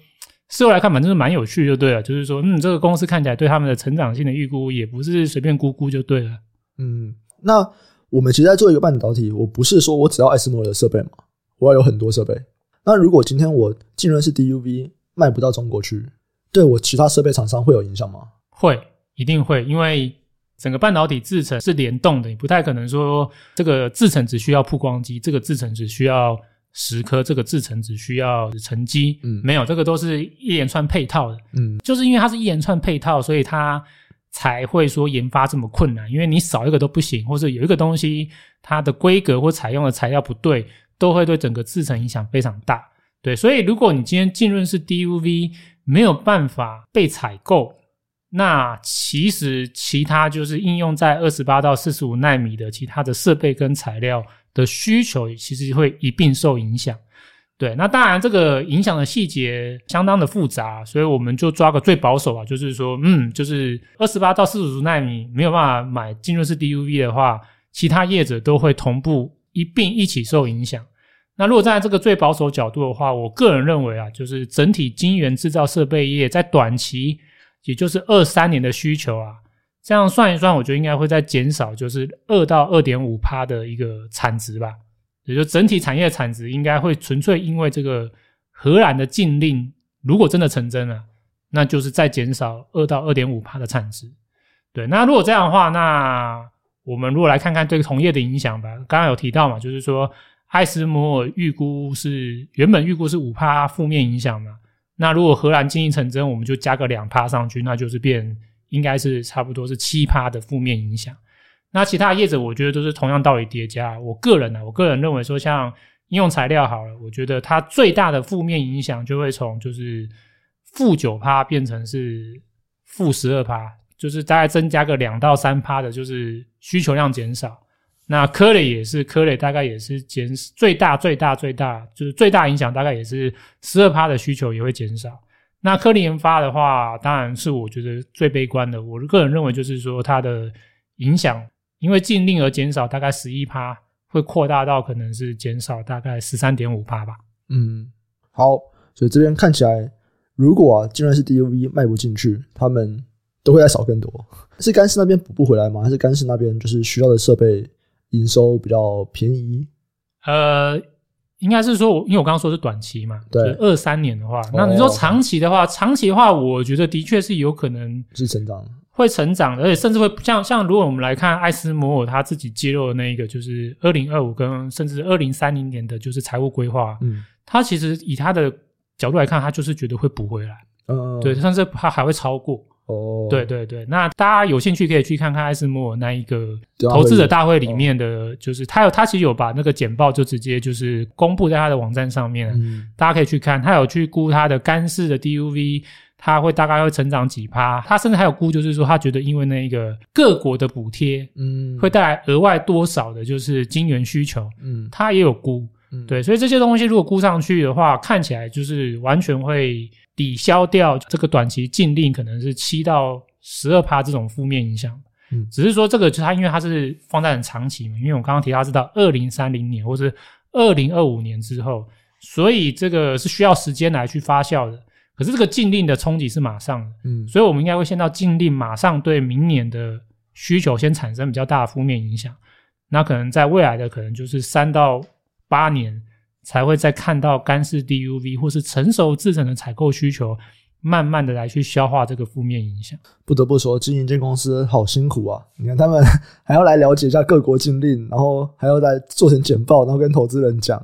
事後來看，反正蠻有趣就對了。就是說，嗯，這個公司看起來對他們的成長性的預估也不是隨便估估就對了。嗯，那我們其實在做一個半導體，我不是說我只要艾斯 o 的設備嘛，我要有很多設備。那如果今天我進入式 DUV 賣不到中國去，對我其他設備廠商會有影響嗎？會，一定會，因為。整個半導體製程是聯動的，你不太可能說這個製程只需要曝光機，這個製程只需要蝕刻，這個製程只需要沉積。嗯，沒有，這個都是一連串配套的。嗯，就是因為它是一連串配套，所以它才會說研發這麼困難，因為你少一個都不行，或者有一個東西它的規格或採用的材料不對，都會對整個製程影響非常大。對，所以如果你今天浸潤式 DUV，沒有辦法被採購。那其實其他就是應用在二十八到四十五納米的其他的設備跟材料的需求，其實會一併受影響。對，那當然這個影響的細節相當的複雜，所以我們就抓個最保守啊，就是說，嗯，就是二十八到四十五納米沒有辦法買浸潤式 DUV 的話，其他業者都會同步一併一起受影響。那如果站在這個最保守角度的話，我個人認為啊，就是整體晶圓製造設備業在短期。也就是二三年的需求啊，這樣算一算，我覺得應該會再減少，就是二到二點五趴的一個產值吧。也就整體產業產值應該會純粹因為這個荷蘭的禁令，如果真的成真了，啊，那就是再減少二到二點五趴的產值。對，那如果這樣的話，那我們如果來看看對同業的影響吧。剛剛有提到嘛，就是說艾斯摩爾預估是原本預估是五趴，負面影響嘛。那如果荷蘭禁令成真，我們就加個兩趴上去，那就是變應該是差不多是七趴的負面影響。那其他的業者，我覺得都是同樣道理疊加。我個人呢、啊，我個人認為說，像應用材料好了，我覺得它最大的負面影響就會從就是負九趴變成是負十二趴，就是大概增加個兩到三趴的，就是需求量減少。那科林也是，科林大概也是減，最大最大最大，就是最大影響大概也是十二趴的需求也會減少。那科林研發的話，當然是我覺得最悲觀的。我個人認為就是說，它的影響因為禁令而減少，大概十一趴，會擴大到可能是減少大概十三點五趴吧。嗯，好，所以這邊看起來，如果啊，既然是 DUV 賣不進去，他們都會再少更多。是乾式那邊補不回來嗎？還是乾式那邊就是需要的設備？營收比較便宜，呃，應該是說我，我因為我剛剛說是短期嘛，對，二三年的話，那你說長期的話，Oh, okay. 長期的話，我覺得的確是有可能成是成長，會成長，的，而且甚至會像像如果我們來看艾斯摩爾他自己揭露的那一個，就是二零二五跟甚至二零三零年的就是財務規劃，嗯，他其實以他的角度來看，他就是覺得會補回來，呃，對，甚至他還會超過。哦，oh. 對對對，那大家有興趣可以去看看艾斯摩爾那一個投資者大會裡面的就是、哦、他有他其實有把那個簡報就直接就是公布在他的網站上面了，嗯、大家可以去看。他有去估他的乾式的 DUV，他會大概會成長幾趴，他甚至還有估就是說他覺得因為那一個各國的補貼，會帶來額外多少的，就是晶圓需求，嗯，他也有估。嗯，對，所以這些東西如果估上去的話，看起來就是完全會抵消掉這個短期禁令可能是七到十二趴這種負面影響。嗯，只是說這個就是它，因為它是放在很長期嘛，因為我剛剛提到，它是到二零三零年或是二零二五年之後，所以這個是需要時間來去發酵的。可是這個禁令的衝擊是馬上的，嗯，所以我們應該會先到禁令馬上對明年的需求先產生比較大的負面影響。那可能在未來的可能就是三到。八年才會再看到乾式 DUV 或是成熟製程的採購需求，慢慢的來去消化這個負面影響。不得不說，經營建公司好辛苦啊！你看他們還要來了解一下各國禁令，然後還要來做成簡報，然後跟投資人講，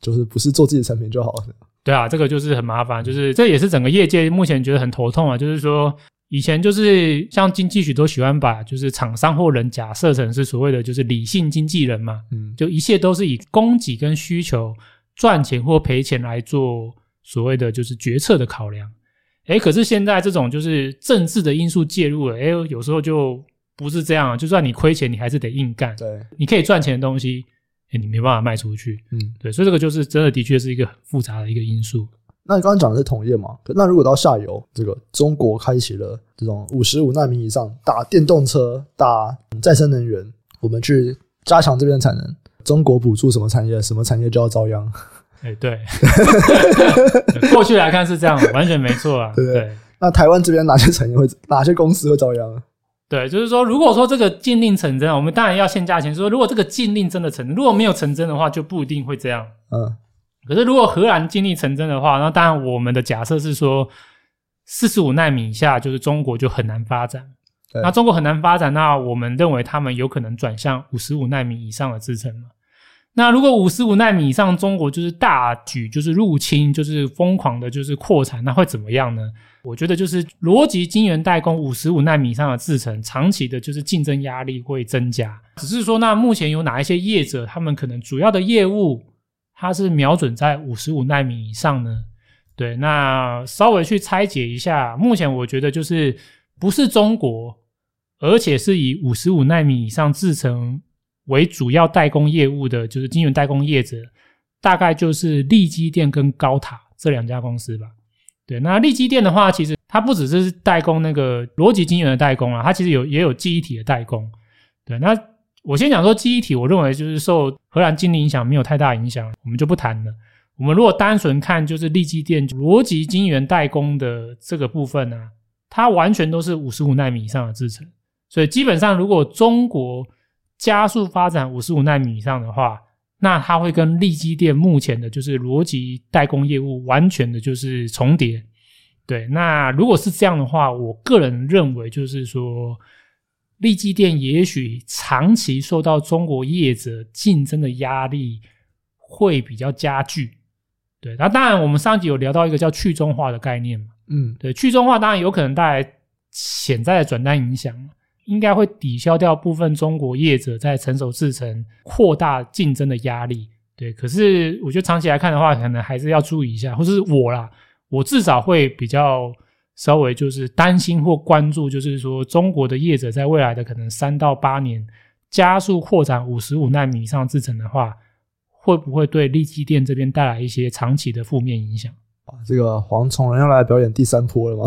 就是不是做自己的產品就好了。對啊，這個就是很麻煩，就是這也是整個業界目前覺得很頭痛啊，就是說。以前就是像經濟學都喜歡把就是廠商或人假設成是所謂的就是理性經濟人嘛，嗯，就一切都是以供給跟需求賺錢或賠錢來做所謂的就是決策的考量，欸。誒，可是現在這種就是政治的因素介入了，欸，誒有時候就不是這樣，就算你虧錢，你還是得硬幹，對，你可以賺錢的東西，欸，誒你沒辦法賣出去，嗯，對，所以這個就是真的的確是一個很複雜的一個因素。那你剛剛講的是同業嘛？那如果到下游，這個中國開啟了這種五十五奈米以上打電動車、打再生能源，我們去加強這邊的產能，中國補助什麼產業？什麼產業就要遭殃？哎、欸， [laughs] 對，過去來看是這樣，完全沒錯啊。對，對對。對那台灣這邊哪些產業會、哪些公司會遭殃？對，就是說，如果說這個禁令成真，我們當然要限價錢。就是，說如果這個禁令真的成，如果沒有成真的，的話，就不一定會這樣。嗯。可是，如果荷蘭禁令成真的話，那當然我們的假設是說，四十五奈米以下，就是中國就很難發展。對那中國很難發展，那我們認為他們有可能轉向五十五奈米以上的制程了。那如果五十五奈米以上，中國就是大舉就是入侵，就是瘋狂的，就是擴產，那會怎麼樣呢？我覺得就是邏輯晶圓代工五十五奈米以上的制程，長期的就是競爭壓力會增加。只是說，那目前有哪一些業者，他們可能主要的業務？它是瞄準在五十五納米以上呢？對，那稍微去拆解一下，目前我覺得就是不是中國，而且是以五十五納米以上製程為主要代工業務的，就是晶圓代工業者，大概就是力積電跟高塔這兩家公司吧。對，那力積電的話，其實它不只是代工那個邏輯晶圓的代工啊，它其實有也有記憶體的代工。對，那。我先講說記憶體，我認為就是受荷蘭禁令影響沒有太大影響，我們就不談了。我們如果單純看就是力積電邏輯晶圓代工的這個部分呢，啊，它完全都是五十五納米以上的製程，所以基本上如果中國加速發展五十五納米以上的話，那它會跟力積電目前的就是邏輯代工業務完全的就是重疊。對，那如果是這樣的話，我個人認為就是說。力積電也許長期受到中國業者競爭的壓力會比較加劇，對。那當然，我們上集有聊到一個叫去中化的概念嘛，嗯，對，去中化當然有可能帶來潛在的轉單影響，應該會抵消掉部分中國業者在成熟製程擴大競爭的壓力，對。可是我覺得長期來看的話，可能還是要注意一下，或是我啦，我至少會比較。稍微就是擔心或關注，就是說中國的業者在未來的可能三到八年加速擴展五十五納米以上製程的話，會不會對力積電這邊帶來一些長期的負面影響、啊？這個蝗蟲人要來表演第三波了嗎？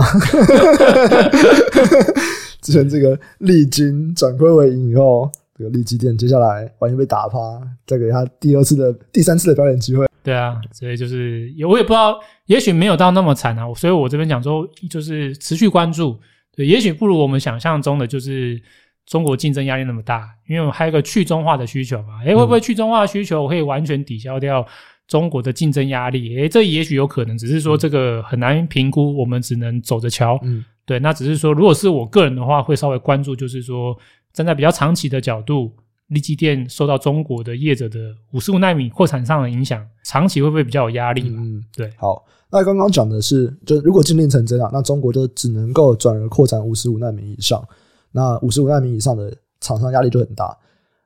之前這個力晶轉虧為盈以後。有力積電接下來完全被打趴，再給他第二次的、第三次的表演機會。對啊，所以就是我也不知道，也許沒有到那麼慘啊。所以我這邊講說，就是持續關注。對，也許不如我們想象中的，就是中國競爭壓力那麼大，因為我們還有一個去中化的需求嘛。哎、欸，會不會去中化的需求我可以完全抵消掉中國的競爭壓力？哎、欸，這也許有可能，只是說這個很難評估，我們只能走着瞧。嗯、對，那只是說，如果是我個人的話，會稍微關注，就是說。站在比較長期的角度，力積電受到中國的業者的五十五納米擴產上的影響，長期會不會比較有壓力？嗯，對。好，那剛剛講的是，就如果禁令成真啊，那中國就只能夠轉而擴展五十五納米以上。那五十五納米以上的廠商壓力就很大。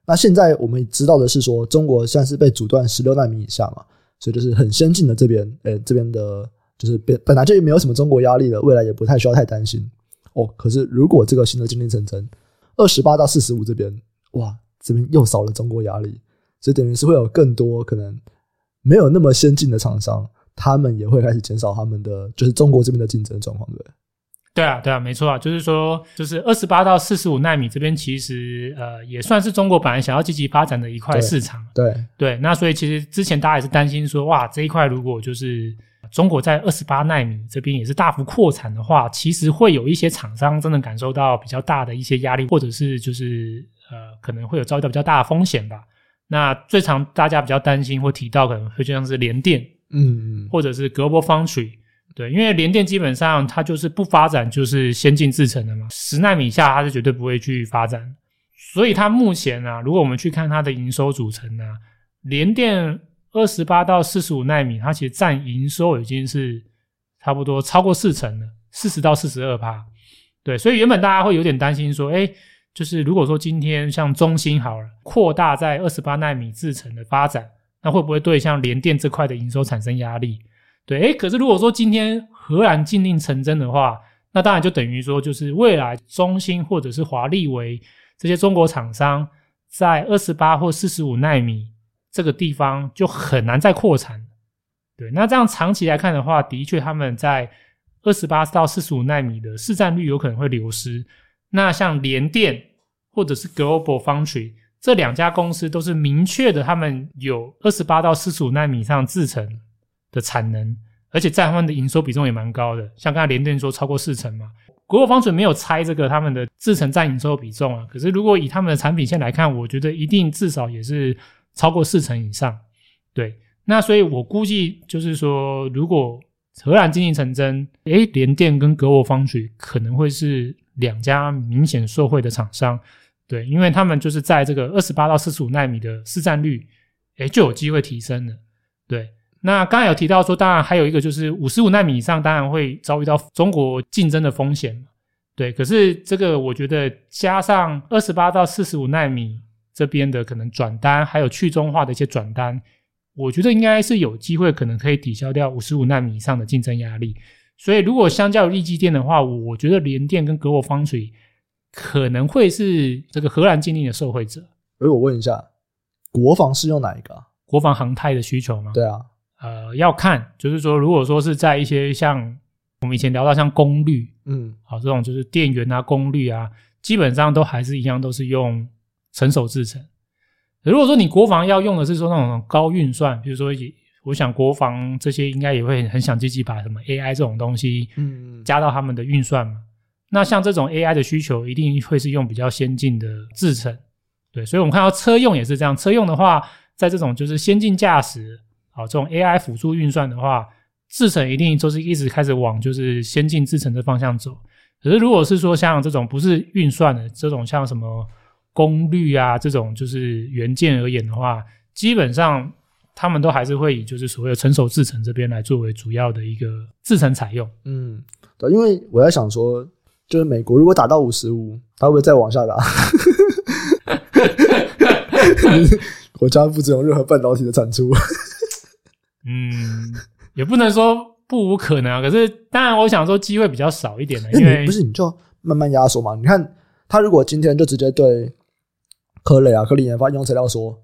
那現在我們知道的是說，說中國現在是被阻斷十六納米以下嘛，所以就是很先進的這邊，呃、欸，這邊的就是變本來就沒有什麼中國壓力了，未來也不太需要太擔心哦。可是如果這個新的禁令成真二十八到四十五這邊，哇，這邊又少了中國壓力，所以等於是會有更多可能沒有那麼先進的廠商，他們也會開始減少他們的就是中國這邊的競爭狀況，對，對啊，對啊，沒錯啊，就是說，就是二十八到四十五納米這邊，其實呃，也算是中國本來想要積極發展的一塊市場，對，對，對，那所以其實之前大家也是擔心說，哇，這一塊如果就是。中國在二十八納米這邊也是大幅擴產的話，其實會有一些廠商真的感受到比較大的一些壓力，或者是就是呃可能會有遭到比較大的風險吧。那最常大家比較擔心或提到可能會就像是聯電嗯，嗯，或者是 Global Foundry 對，因為聯電基本上它就是不發展就是先進製程的嘛，十納米以下它是絕對不會去發展，所以它目前呢、啊，如果我們去看它的營收組成呢、啊，聯電。二十八到四十五奈米，它其實佔營收已經是差不多超過四成了，四十到四十二趴。對，所以原本大家會有點擔心說，哎，就是如果說今天像中芯好了，擴大在二十八奈米製程的發展，那會不會對像聯電這塊的營收產生壓力？對，哎，可是如果說今天荷蘭禁令成真的話，那當然就等於說，就是未來中芯或者是華力微這些中國廠商在二十八或四十五奈米。這個地方就很難再擴產，對。那這樣長期來看的話，的確他們在二十八到四十五奈米的市占率有可能會流失。那像聯電或者是 Global Foundry 這兩家公司都是明確的，他們有二十八到四十五奈米上制程的產能，而且在他們的營收比重也蠻高的。像剛才聯電說超過四成嘛，Global Foundry 沒有拆這個他們的制程占營收的比重啊。可是如果以他們的產品線來看，我覺得一定至少也是。超過四成以上，對，那所以我估計就是說，如果荷蘭禁令成真，誒，聯電跟格羅方德可能會是兩家明顯受惠的廠商，對，因為他們就是在這個二十八到四十五納米的市占率，誒，就有機會提升了。對，那剛才有提到說，當然還有一個就是五十五納米以上，當然會遭遇到中國競爭的風險，對，可是這個我覺得加上二十八到四十五納米。這邊的可能轉單，還有去中化的一些轉單，我覺得應該是有機會，可能可以抵消掉五十五納米以上的競爭壓力。所以，如果相較於力積電的話，我覺得聯電跟格羅方德可能會是這個荷蘭禁令的受惠者。而我問一下，國防是用哪一個啊？國防航太的需求嗎？對啊，呃，要看，就是說，如果說是在一些像我們以前聊到像功率，嗯，好，這種就是電源啊、功率啊，基本上都還是一樣，都是用。成熟製程，如果說你國防要用的是說那種高運算，比如說也，我想國防這些應該也會很想積極把什麼 AI 這種東西，嗯，加到他們的運算嘛。嗯，那像這種 AI 的需求，一定會是用比較先進的製程，對。所以我們看到車用也是這樣，車用的話，在這種就是先進駕駛啊，這種 AI 輔助運算的話，製程一定就是一直開始往就是先進製程的方向走。可是如果是說像這種不是運算的這種像什麼。功率啊，這種就是元件，而言的話，基本上他們都還是會以就是所謂的成熟制程這邊來作為主要的一個制程採用。嗯，對，因為我在想說，就是美國如果打到五十五，他會不會再往下打？國家不只有任何半導體的產出。 [laughs] 嗯，也不能說不無可能啊。可是，當然我想說，機會比較少一點，因為，因為不是你就慢慢壓縮嘛。你看，他如果今天就直接對。科磊啊，科林研發應用材料說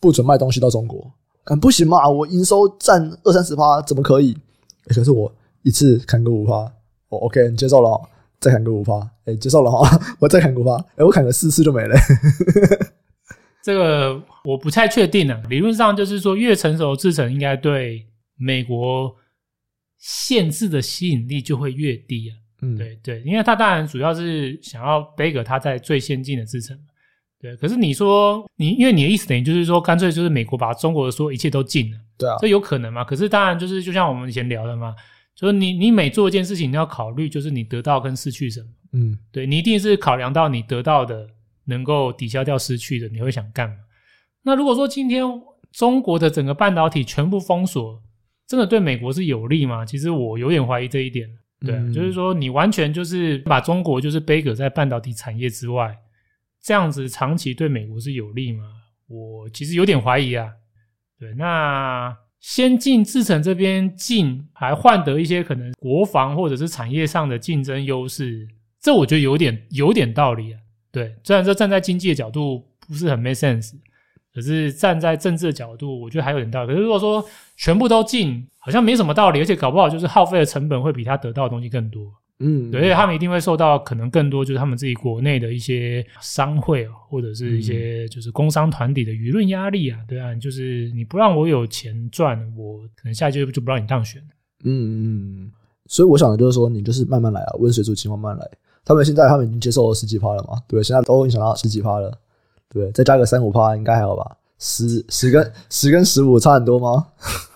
不准賣東西到中國，敢不行嗎？我營收占二三十趴，怎麼可以、欸？可是我一次砍個五趴，我、oh, OK，你接受了，再砍個五趴，哎、欸，接受了哈，我再砍個五趴，哎、欸，我砍了四次就沒了。這個我不太確定了，理論上就是說，越成熟制程應該對美國限制的吸引力就會越低啊。嗯對，對對，因為他當然主要是想要 b 背 g 他在最先進的制程。對，可是你說你，因為你的意思等於就是說，乾脆就是美國把中國的所有一切都禁了，對啊，這有可能嗎？可是當然就是就像我們以前聊的嘛，就是你你每做一件事情，你要考慮就是你得到跟失去什麼，嗯，對你一定是考量到你得到的能夠抵消掉失去的，你會想幹嘛？那如果說今天中國的整個半導體全部封鎖，真的對美國是有利嗎？其實我有點懷疑這一點。對啊，嗯嗯，就是說你完全就是把中國就是背隔在半導體產業之外。這樣子長期對美國是有利嗎？我其實有點懷疑啊。對，那先進製程這邊進，還換得一些可能國防或者是產業上的競爭優勢，這我覺得有點有點道理啊。對，雖然說站在經濟的角度不是很 make sense，可是站在政治的角度，我覺得還有點道理。可是如果說全部都進，好像沒什麼道理，而且搞不好就是耗費的成本會比他得到的東西更多。嗯，對，他們一定會受到可能更多，就是他們自己國內的一些商會啊，或者是一些就是工商團體的輿論壓力啊，對啊，就是你不讓我有錢賺，我可能下一屆就，就不讓你當選。嗯嗯嗯。所以我想的就是說，你就是慢慢來啊，溫水煮青蛙，慢慢來。他們現在他們已經接受了十幾趴了嘛，對，現在都影響、哦、到十幾趴了，對，再加個三五趴應該還好吧？十十跟十跟十五差很多嗎？ [laughs]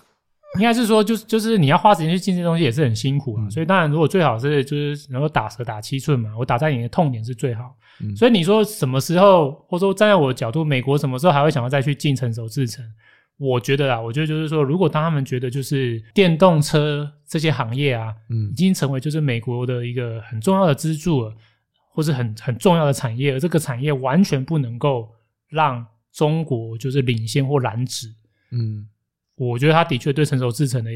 應該是說、就是，就就是你要花時間去進這些東西也是很辛苦啊，嗯、所以當然如果最好是就是能夠打蛇打七寸嘛，我打在你的痛點是最好。嗯、所以你說什麼時候，或者說站在我的角度，美國什麼時候還會想要再去進成熟製程？我覺得啊，我覺得就是說，如果當他們覺得就是電動車這些行業啊，嗯，已經成為就是美國的一個很重要的支柱，或是很很重要的產業，而這個產業完全不能夠讓中國就是領先或染指。嗯。我覺得他的確對成熟製程的，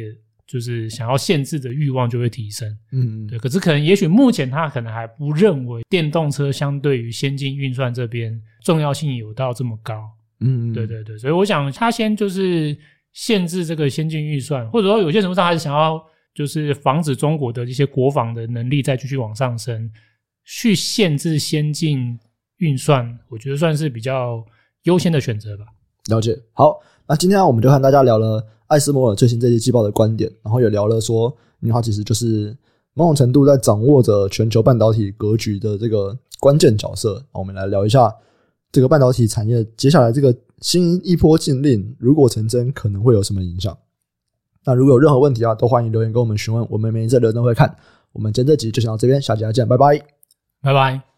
就是想要限制的慾望就會提升，嗯，對。可是可能也許目前他可能還不認為電動車相對於先進運算這邊重要性有到這麼高，嗯，對對對。所以我想他先就是限制這個先進運算，或者說有些什麼事他還是想要就是防止中國的一些國防的能力再繼續往上升，去限制先進運算，我覺得算是比較優先的選擇吧。了解，好。那今天、啊、我們就和大家聊了艾斯摩爾最新這期季報的觀點，然後也聊了說，因為它其實就是某種程度在掌握着全球半導體格局的這個關鍵角色。我們來聊一下這個半導體產業接下來這個新一波禁令如果成真，可能會有什麼影響？那如果有任何問題啊，都歡迎留言跟我們詢問，我們每一次留言都會看。我們今天這集就先到這邊，下期再見，拜拜，拜拜。